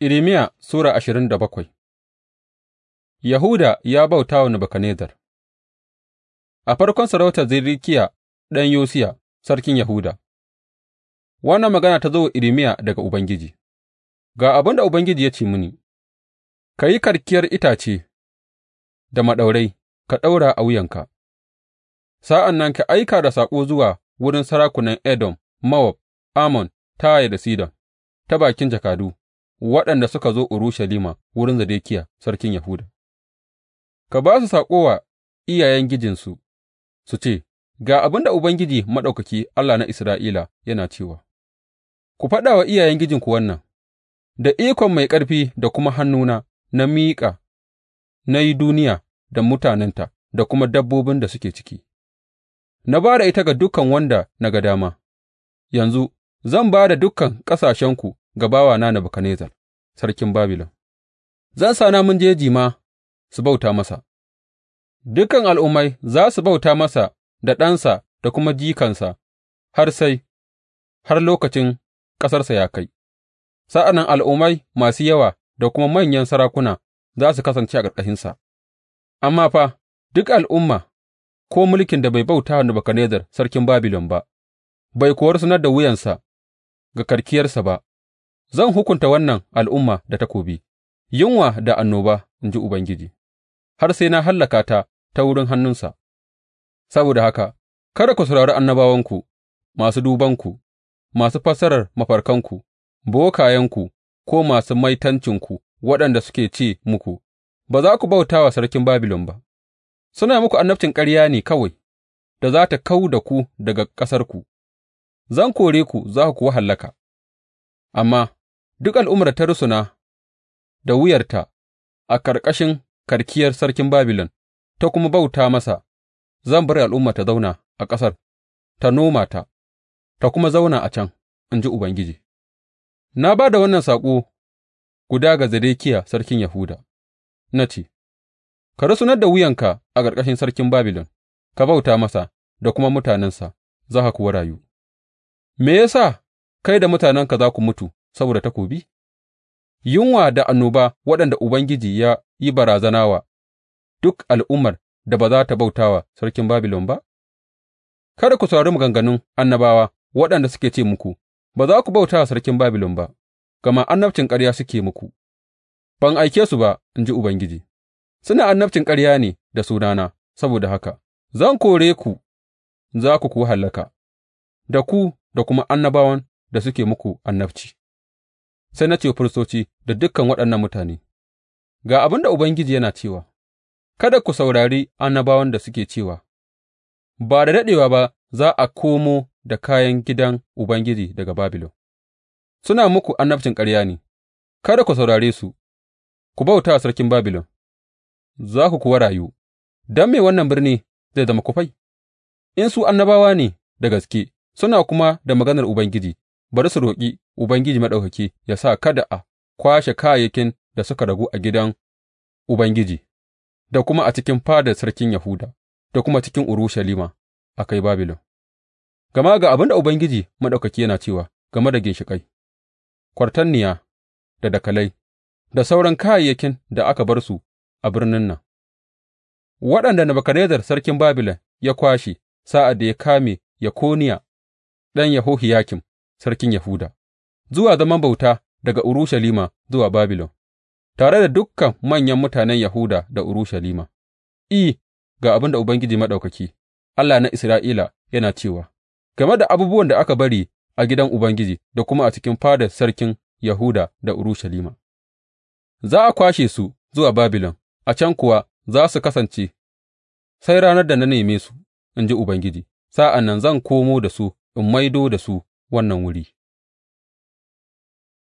Irmiya Sura ashirin da bakwai Yahuda ya bauta wa Nebukadnezzar A farkon sarautar Zirikiya ɗan Yosiya sarkin Yahuda, wannan magana ta zo wa Irmiya daga Ubangiji, Ga abin da Ubangiji ya ce mini, Ka yi karkiyar itace da maɗaurai ka ɗaura a wuyanka, sa'an nan ka aika da saƙo zuwa wurin sarakunan Edom, Mowab, Amon, Taya da Sidon ta bakin jakadu. waɗanda suka zo Urushalima wurin Zedekiya sarkin Yahuda, ka ba su saƙo wa iyayengijinsu su ce, Ga abin da Ubangiji Maɗaukaki, Allah na Isra'ila, yana cewa, Ku faɗa wa iyayengijinku wannan, da ikon mai ƙarfi da kuma hannuna na miƙa, na yi duniya da mutanenta da kuma dabbobin da suke ciki, na ba da ita ga dukan wanda na ga dama, yanzu zan ba da dukan ƙasashenku ga bawana Nebukadnezzar sarkin Babilon, zan sa namun jeji ma su bauta masa, dukan al'ummai za su bauta masa da ɗansa da kuma jikansa har sai, har lokacin ƙasarsa ya kai, sa'an nan al'ummai masu yawa da kuma manyan sarakuna za su kasance a ƙarƙashinsa, amma fa duk al'umma ko mulkin da bai bauta wa Nebukadnezzar sarkin Babilon ba, bai kuwar sanar da wuyansa ga karkiyarsa ba. Zan hukunta wannan al'umma da takobi, yunwa da annoba, in ji Ubangiji, har sai na hallaka ta ta wurin hannunsa; saboda haka kada ku saurari annabawanku, masu dubanku, masu fassarar mafarkanku, bokayenku ko masu maitancinku waɗanda suke ce muku, Ba za ku bauta wa sarkin Babilon ba, suna muku annabcin ƙarya ne kawai da za ta kau da ku daga ƙasarku; zan kore ku za ku kuwa hallaka. amma Duk al'ummar ta rusuna da wuyarta a ƙarƙashin karkiyar sarkin Babilon ta kuma bauta masa, zan bar al'ummar ta zauna a ƙasar, ta noma ta, ta kuma zauna a can, in ji Ubangiji. Na ba da wannan saƙo guda ga Zedekiya sarkin Yahuda, na ce, Ka rusunar da wuyanka a ƙarƙashin sarkin Babilon, ka bauta masa da kuma mutanensa, za ka kuwa rayu. Me ya sa kai da mutanenka za ku mutu saboda takobi, yunwa da annoba waɗanda Ubangiji ya yi barazana wa duk al'ummar da ba za ta bauta wa sarkin Babilon ba? Kada ku saurari maganganun annabawa waɗanda suke ce muku, Ba za ku bauta wa sarkin Babilon ba, gama annabcin ƙarya suke muku, ban aike su ba, in ji Ubangiji, suna annabcin ƙarya ne da sunana, saboda haka zan kore ku, za ku ku hallaka, da ku da kuma annabawan da suke muku annabci. sai na ce wa firistoci da dukan waɗannan mutane, Ga abin da Ubangiji yana cewa, Kada ku saurari annabawan da suke cewa, Ba da daɗewa ba za a komo da kayan gidan Ubangiji daga Babilon, suna muku annabcin ƙarya ne, kada ku saurare su, ku bauta wa sarkin Babilon, za ku kuwa rayu, don me wannan birni zai zama kufai? In su annabawa ne da gaske, suna kuma da maganar Ubangiji, bari su roƙi Ubangiji Maɗaukaki ya sa kada a kwashe kayayyakin da suka ragu a gidan Ubangiji, da kuma a cikin fadar sarkin Yahuda, da kuma cikin Urushalima a kai Babilon, gama ga abin da Ubangiji Maɗaukaki yana cewa game da ginshiƙai, kwartanniya da dakalai, da sauran kayayyakin da aka bar su a birnin nan, waɗanda Nebukadnezzar sarkin Babilon ya kwashe sa'ad da ya kame Yakoniya ɗan Yehohiyakim sarkin Yahuda. zuwa zaman bauta daga Urushalima zuwa Babilon, tare da dukan manyan mutanen Yahuda da Urushalima, I, ga abin da Ubangiji Maɗaukaki, Allah na Isra'ila, yana cewa, game da abubuwan da aka bari a gidan Ubangiji da kuma a cikin fadar sarkin Yahuda da Urushalima, za a kwashe su zuwa Babilon, a can kuwa za su kasance sai ranar da na neme su, in ji Ubangiji, sa'an nan zan komo da su in maido da su wannan wuri.